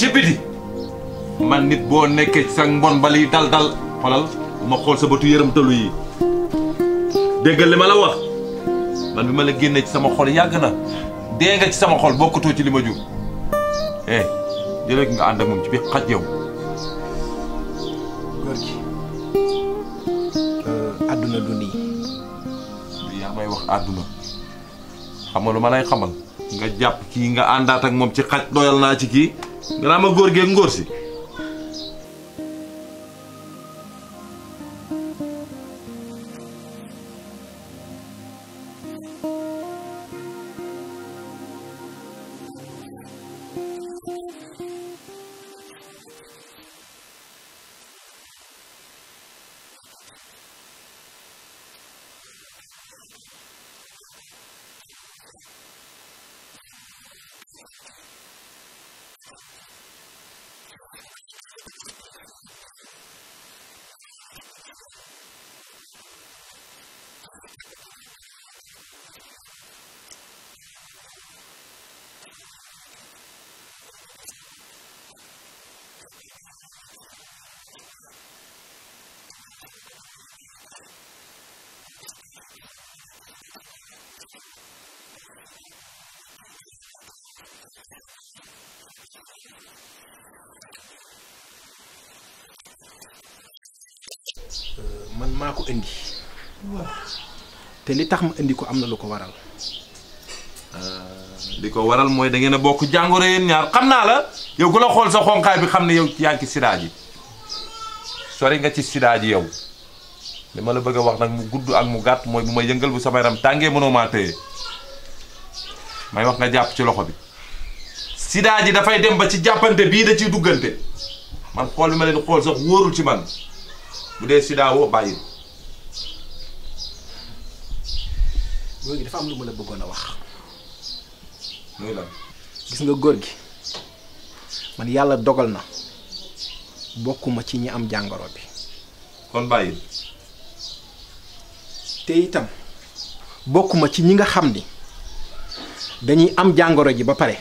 ci biti man nit bo nekkee ci sa mbon bali dal dal xolal ma xol sa botu yërëm tolu yi deggal li wax man bima la ci sama xol yag na dee ci sama xol to ci lima ju eh jëlee nga and ak mom ci bi xaj yow. euh aduna àdduna ni nii. ya may wax aduna xam nga ma lay xamal nga japp ki nga andat ak mom ci xaj doyal na ci ki ganaa ma góor geeg ngóor si man mako indi té li tax ma indi ko amna na lu ko waral euh ko waral moy da ngay na bokk jangoro yeen ñaar xamna la yow gula xol sa xonkay bi xamne yow yaa ngi ci sida ji sori nga ci sida yow li la bëgg wax nak mu gudd ak mu gatt moy bu may yëngal bu sama ram tangé mëno ma may wax nga japp ci loxo bi sida da fay dem ba ci jappante bi da ci duggante man xol bi ma leen xol sax worul ci man bu dee sida woo bàyyi. góor gi dafa am lu ma la bëggoon a wax. muy lan. gis nga góor gi man yàlla dogal na bokkuma ci ñi am jàngoro bi. kon bàyyi. te itam bokkuma ci ñi nga xam ni dañuy am jàngoro ji ba pare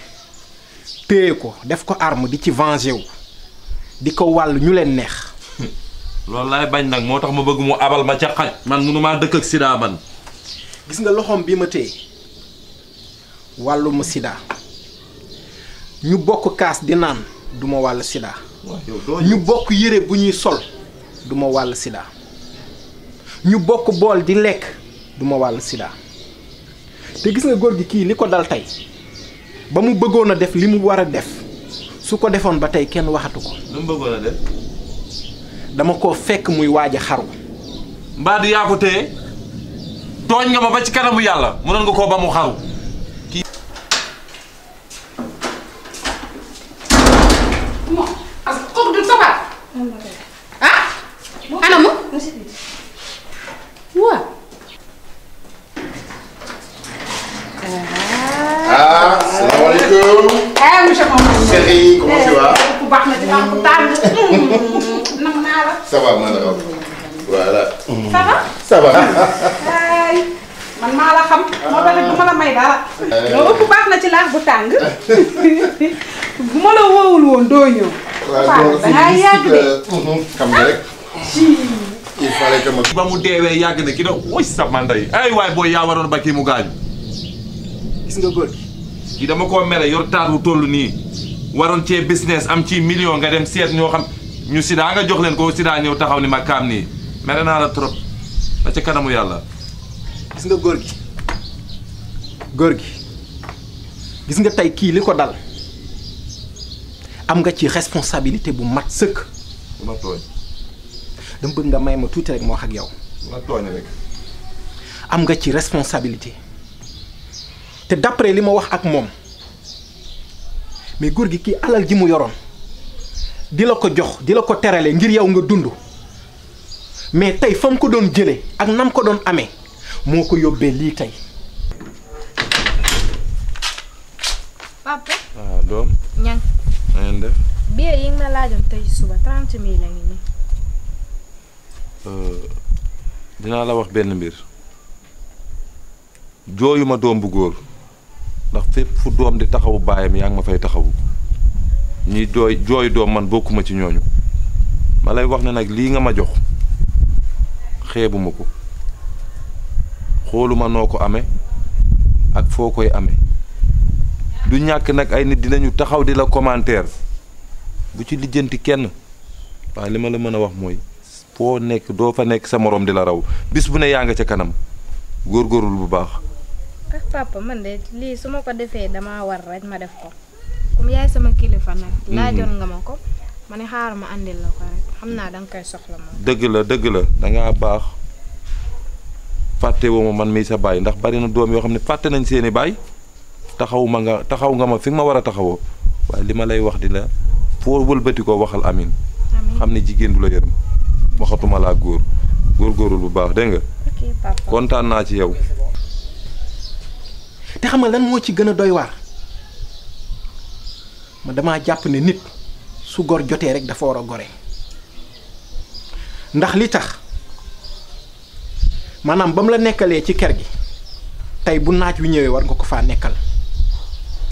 téye ko def ko arme di ci venger wu di ko wàll ñu leen neex. lool laay bañ nag moo tax ma bëgg mu abal ma ca xaj man munumaa dëkk ak sida man gis nga loxoom bi ma téye wàlluma sida ñu bokk kaas di naan duma ma wàll sida ñu bokk yére bu ñuy sol du ma wàll ñu bokk bool di lekk duma ma wàll sida te gis nga góor gi kii li ko dal tey ba mu bëggoon a def li mu war a def su ko defoon ba tey kenn waxatu ko. lu dama koo fekk muy waaj a xaru mbaadu di yaa ko téye tooñ nga ma ba ci kanamu yàlla mënoon nga koo ba mu xaru Euh, mm-hmm, xam nga rek. ba mu deewee yàgg na ki doon wuy sa manday ay waay booy yaa waroon ba kii mu gaañu. gis nga góor gi. kii dama koo toll nii waroon cee business am ci million nga dem seet ñoo xam ñu sida nga jox leen ko sida ñëw taxaw ni ma kaam nii naa la trop ba ca kanamu yàlla. gis nga góor gi góor gi gis nga tey kii li ko dal. am nga ci responsabilité bu mat seuk dama toy dama bëgg nga may ma rek mo wax ak yow. dama rek. am nga ci responsabilité té d'après li ma wax ak mom mais gor gi ki alal ji mu yoron dila ko jox dila ko ngir yow nga mais tay fam ko doon jëlé ak nam ko doon amé papa. Ah dom. def. Uh, billet uh, dinaa la wax benn mbir jooyuma doom bu góor ndax fépp fu doom di taxawu baayam yaa ngi ma fay taxawu ñi jooy jooy doom man bokkuma ci ñooñu ma lay wax ne nag lii nga ma jox xeebuma ko xooluma noo ko ame ak foo koy amee. du ñàkk nag ay nit dinañu taxaw di la commentaire bu ci lijjanti kenn waaye li ma la mën a wax mooy foo nekk doo fa nekk sa moroom di la raw bis bu ne yaa nga ca kanam góor góorul bu baax. ah papa man de lii su ma ko defee damaa war rek ma def ko comme yaay sama kilifa nag. Mm-hmm. nga ma ko. ma ne xaaral ma àndil la ko rek xam naa danga koy soxla moom. dëgg la dëgg la da baax fàtte ma man mii sa baay ndax bari na doom yoo xam ne fàtte nañ seeni baay. taxaw ma nga taxaw nga ma fi nga ma war a taxawoo waaye li ma lay wax di la foo wëlbati ko waxal amin xam ne jigéen du la yërëm waxatuma laa góor góorgóorlu bu baax dégg nga. kontaan naa ci yow. te xam lan moo ci gën a doy waar ma damaa jàpp ne nit su gor jotee rek dafa war a gore ndax li tax maanaam ba mu la nekkalee ci ker gi tey bu naaj wi ñëwee war nga ko faa nekkal.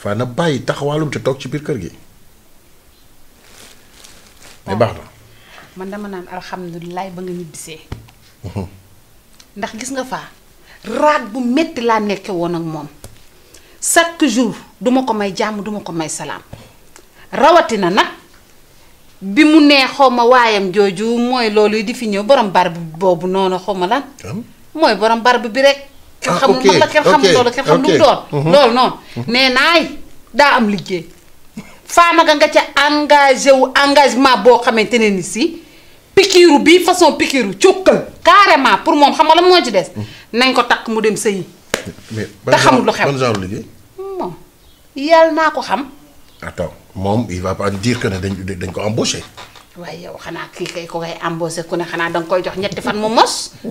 faa na bàyyi taxawaalum te toog ci biir kër gi. mais baax na. man dama naan alhamdulilah ba nga ñibbisee. Mhm. ndax gis nga fa raag bu metti laa nekke woon ak moom chaque jour duma ko may jàmm duma ko may salaam rawatina nag bi mu nee xaw ma waayam jooju mooy loolu di fi ñëw borom barab boobu noonu xaw ma lan. mooy borom barab bi rek. kenn ah, xamul man la kenn xamul loolu kenn xamul lu mhm. loolu noonu mhm. mais daa am liggéey. faanaga nga ca engagé wu engagement boo xamante ne ni si pikiiru bii façon pikiiru cukkal carrément pour moom xam nga la moo ci des. Mhm. nañ ko takk mu dem sëyi. te xamul lu xew ban genre moom yàlla naa ko xam. attends moom il va pas dire que ne dañ dañ ko embauché. waaye yow xanaa kii kay ko ngay embauché ku ne xanaa danga koy jox ñetti fan mu mos.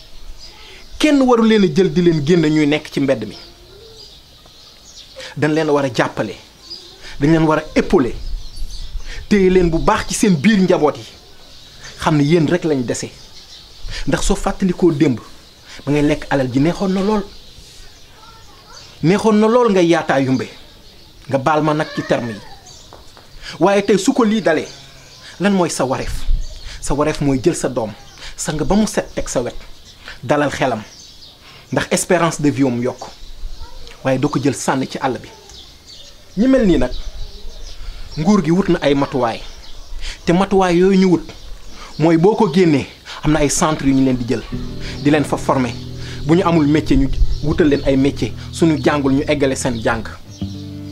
kenn waru leen jël di leen génn ñuy nekk ci mbedd mi dañ leen war a jàppale dañ leen war a épauler téye leen bu baax ci seen biir njaboot yi xam ne yéen rek lañ dese ndax soo fàttalikoo démb ba ngay lekk alal ji neexoon na lool neexoon na lool nga yaataa yumbe nga baal ma nag ci terme yi waaye tey su ko lii dalee lan mooy sa wareef sa wareef mooy jël sa doom sang ba mu set teg sa wet dalal xelam ndax espérance de vie am yokk waaye doo ko jël sànni ci àll bi ñi mel nii nag nguur gi wut na ay matuwaay te matuwaay yooyu ñu wut mooy boo ko génnee am na ay centres yu ñu leen di jël di leen fa former bu ñu amul métier ñu wutal leen ay métier suñu jàngul ñu eggale seen jàng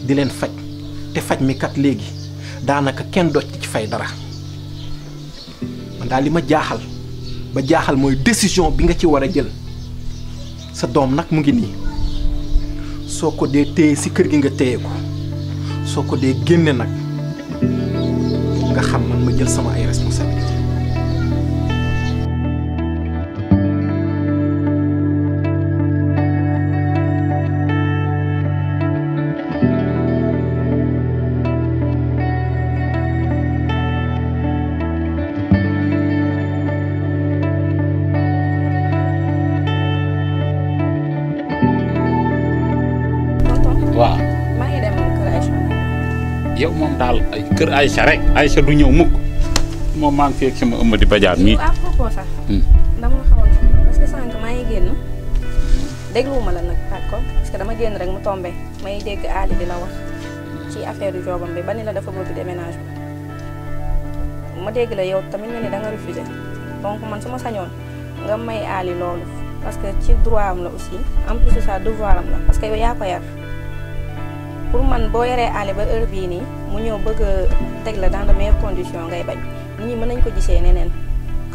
di leen faj te faj mi kat léegi daanaka kenn doj ci fay dara man li ma jaaxal. ba jaaxal mooy décision bi nga ci war a jël sa doom nag mu ngi nii soo ko dee téye si kër gi nga téye ko soo ko dee génne nag nga xam man ma jël sama ay responsabilité waaw maa ngi dem kër Aïcha yow moom daal eh, kër Aïcha rek Aïcha du ñëw mukk moom maa ngi fi ak sama ëmb di bajaan mii à propos sax dama la xawoon parce que sànq maa ngi génn dégluwuma la nag d'accord parce que dama génn rek mu tombé may dégg Ali di la wax ci affaire yu joobam bi ba ni la dafa bëgg déménage bi ma dégg la yow tamit nga ne da nga refusé donc man su ma sañoon nga may Ali loolu parce que ci droit am la aussi en plus de ça devoir am la parce que yow yaa ko yar pour man boo yoree aale ba heure bii nii mu ñëw bëgg teg la dans de meilleures ngay bañ nit ñi mën nañ ko gisee neneen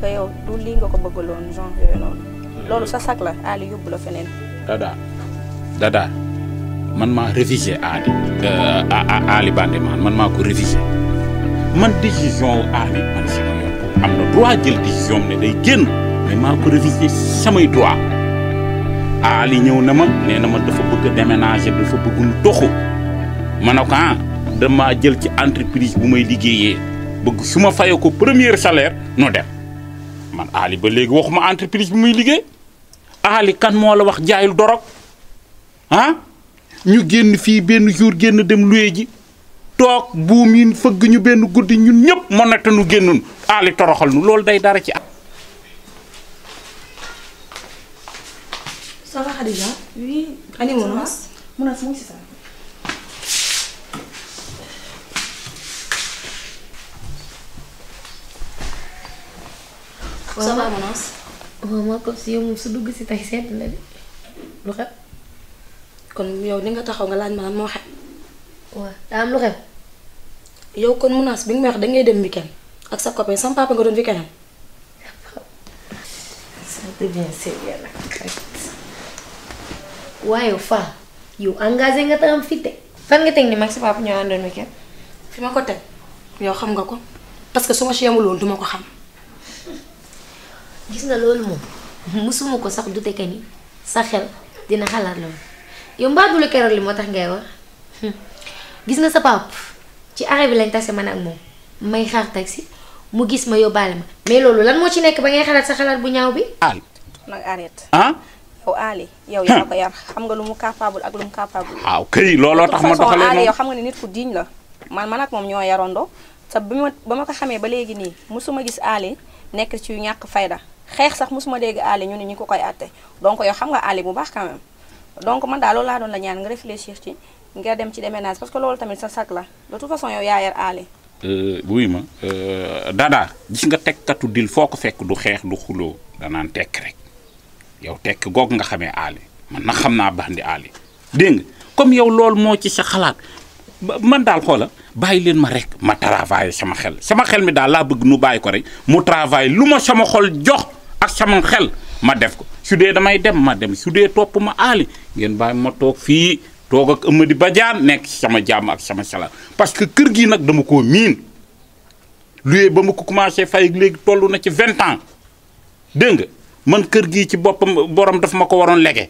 que yow du lii nga ko bëggaloon genre yooyu noonu. Euh, loolu sa sac la aale yóbbu la feneen. dada dada man maa révisé aali. Euh, aali bande man maa ko révisé man décision wu aali man sama yoon am na droit jël décision am ne day génn mais maa ko révisé samay droit aali ñëw na ma nee na ma dafa bëgg a déménager dafa bëgg mu ma ne ah, jël ci entreprise bu may liggéeyee bëgg su ma fayoo ko première salaire no dem man aali ba léegi waxuma entreprise bu muy liggéey aali kan moo la wax jaayul dorog ah ñu génn fii benn jour génn dem luye ji toog buum yi fëgg ñu benn guddi ñun ñëpp mën na te nu génnoon aali toroxal nu loolu day dara ci at. sama monas, وموقف يوم صدق ستة حساب lu xew kon yow ni nga taxaw nga laaj ma lan malam mau waaw wah, am lu ya ya ya, kan? yow kon monas, bing nga may wax dangay dem weekend ak sa copain sama papa nga doon weekend ça devient sérieux nag waaye fa yow engagé nga tam fitte fan nga teg ni mag sa papa ñoo àndoon weekend fi ma ko teg yow gis nga loolu moom mësuma ko sax dute que ni sa xel dina xalaat loolu yow mbaa du la keroog li moo tax ngay wax hmm. gis nga sa pap ci arrêt bi lañ tase man ak moom may xaar taxi mu gis ma yóbbaale ma loolu lan moo ci nekk ba ngay xalaat sa xalaat bu ñaaw bi. Ali. nag arrête. ah. yow Ali yow yaa xam nga lu mu capable ak lu mu ah, looloo tax ma doxalee noonu yow xam nga ne nit ku diñ la man man moom ñoo yarandoo te ba ma ba ma ko xamee ba léegi nii mosuma gis Ali nekk ci ñàkk fayda. xeex sax mosuma dégg Ali ñu ne ñu ko koy àtte donc yow xam nga Ali bu baax quand même donc man daal loolu laa doon la ñaan nga réfléchir ci nga dem ci déménage parce que loolu tamit sa sag la de toute façon yow yaa yar Ali. Euh, wuy ma euh, Dada gis nga teg tekkatu dil foo ko fekk du xeex du xuloo danaan tekk rek yow tekk goog nga xamee Ali man nag xam naa bandi Ali dégg nga comme yow loolu moo ci sa xalaat man daal xoola bàyyi leen ma rek ma travailler sama xel sama xel mi daal laa bëgg nu bàyyi ko rek mu travailler lu ma sama xol jox ak sama xel ma def ko su dee damay dem ma dem su dee topp ma aali ngeen bàyyi ma toog fii toog ak ba Badiane nekk sama jàmm ak sama salaam parce que kër gi nag dama koo miin luyee ba mu ko commencé fay léegi toll na ci vingt ans dégg nga man kër gii ci boppam borom dafa ma ko waroon lege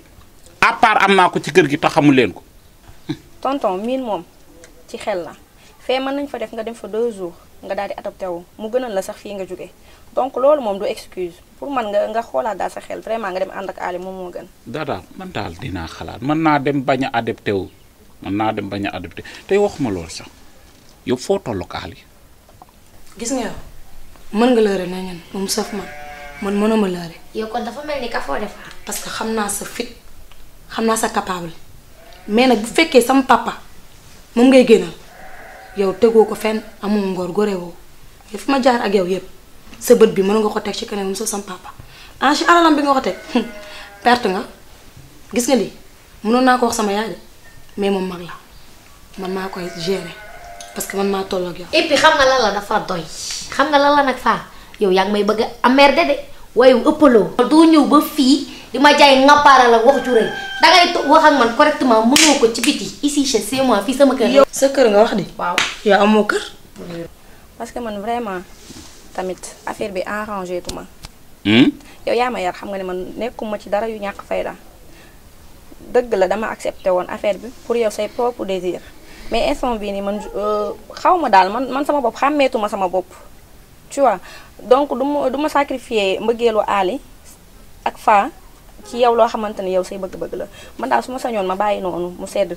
à part am naa ko ci kër gi te xamu leen ko. tonton miin moom ci xel na fee man nañ fa def nga dem fa deux jour nga daal di adopté wu mu gënal la sax fii nga jóge donc loolu moom du excuse pour man nga nga xoolaat daal sa xel vraiment nga dem ànd ak aali moom moo gën. dada man daal dinaa xalaat mën naa dem bañ a adapté wu mën naa dem bañ a adapté tey waxuma loolu sax yow foo toll ak gis nga yow mën nga lëre na ñun moom saf ma man mënuma lëre. yow kon dafa mel ni ka foo defar. parce que xam naa sa fit xam naa sa capable mais nag bu fekkee sama papa moom ngay génnal yow tegoo ko fenn amoo ngor gorewoo yow fi ma jaar ak yow yëpp sa bimono bi mën nga ko tek ci sa sam papa ah ci alalam bi nga ko tek perte nga gis nga li mënoon na ko wax sama yaay de mais mom mag la man ma koy gérer parce que man ma tolo ak yow. et puis xam nga la la dafa doy xam nga la la nak fa yow yaa may bëgg a de waaye ëppaloo. doo ñëw ba fi di jay jaay la wax ju da ngay wax ak man correctement mënoo ko ci biti ici chez moi fi sama kër. sa kër nga wax di. waaw yow amo kër. parce que man vraiment. tamit affaire bi arrangé tu hmm? ma. yow yama yar xam nga ni man nekuma ci dara yu ñak fayda deug la dama accepté woon affaire bi pour yow say propre désir mais instant bi ni man euh, xaw ma daal man man sama bopp xàmmeetuma sama bop tu vois donc duma duma sacrifier mbëggeelu ali ak fa ci yow lo xamanteni yow say bëgg-bëgg la man dal su sañon ma bàyyi nonu mu sedd.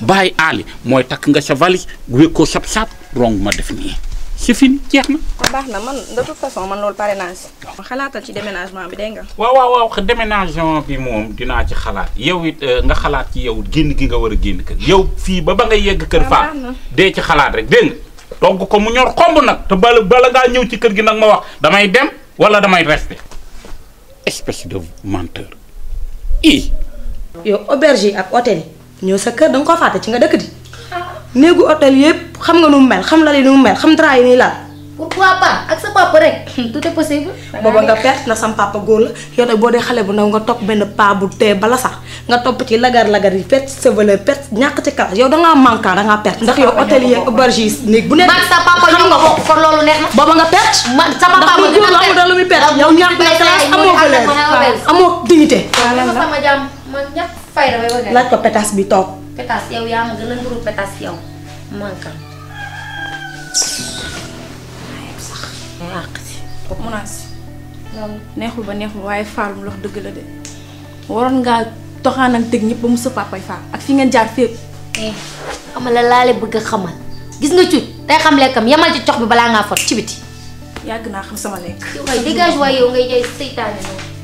bàyyi aali mooy takk nga sa valise wékkoo sab saab rong ma def nii c'est fini jeex na. kon na man de façon man loolu pare naa ci déménagement bi dégg nga. waaw waaw waaw déménagement bi moom dinaa ci xalaat yow it euh, nga xalaat ci yow génn gi nga war a génn kër yow fii ba ba nga yegg kër ah, faa dee ci xalaat rek dégg nga. ko mu ñor xomb nag te bala bala ngaa ñëw ci kër gi nag ma wax damay dem wala damay rester. espèce de menteur i yow auberge ak hôtel ñew sa kër dang ko faaté ci nga dëkk di négu hôtel yépp xam nga nu mel xam la li nu mel xam tra yi nii laal pourquoi pas ak sa papa rek tout est possible bobo nga perte na sam papa gol la yow nag boo dee xale bu ndaw nga top ben pa bu té bala sax nga top ci lagar lagar yi perte sa valeur perte ñak ci kala yow manka da nga perte ndax yow hôtel yi bargis néeg bu né man sa papa ñu nga ko kon loolu neex na bobo nga perte sa papa ma gën a perte lu mi perte yow ñak na classe amoo valeur dignité sama jam man ñak fay la laaj ko pétas bi toog. pétas yow yaa ma gën a nguru pétas yow manka neexul ba neexul waaye Fall mu lox dëgg la de waroon ngaa toxaanal teg ñëpp ba mu sa papay Fall ak fi ngeen jaar fépp. Eh, xamal la laa leen bëgg a xamal gis nga cuuj day xam lekkam yamal ci cox bi balaa ngaa fot ci biti. yàgg naa xam sama lekk. yow kay dégage waaye yow ngay jaay seytaane noonu.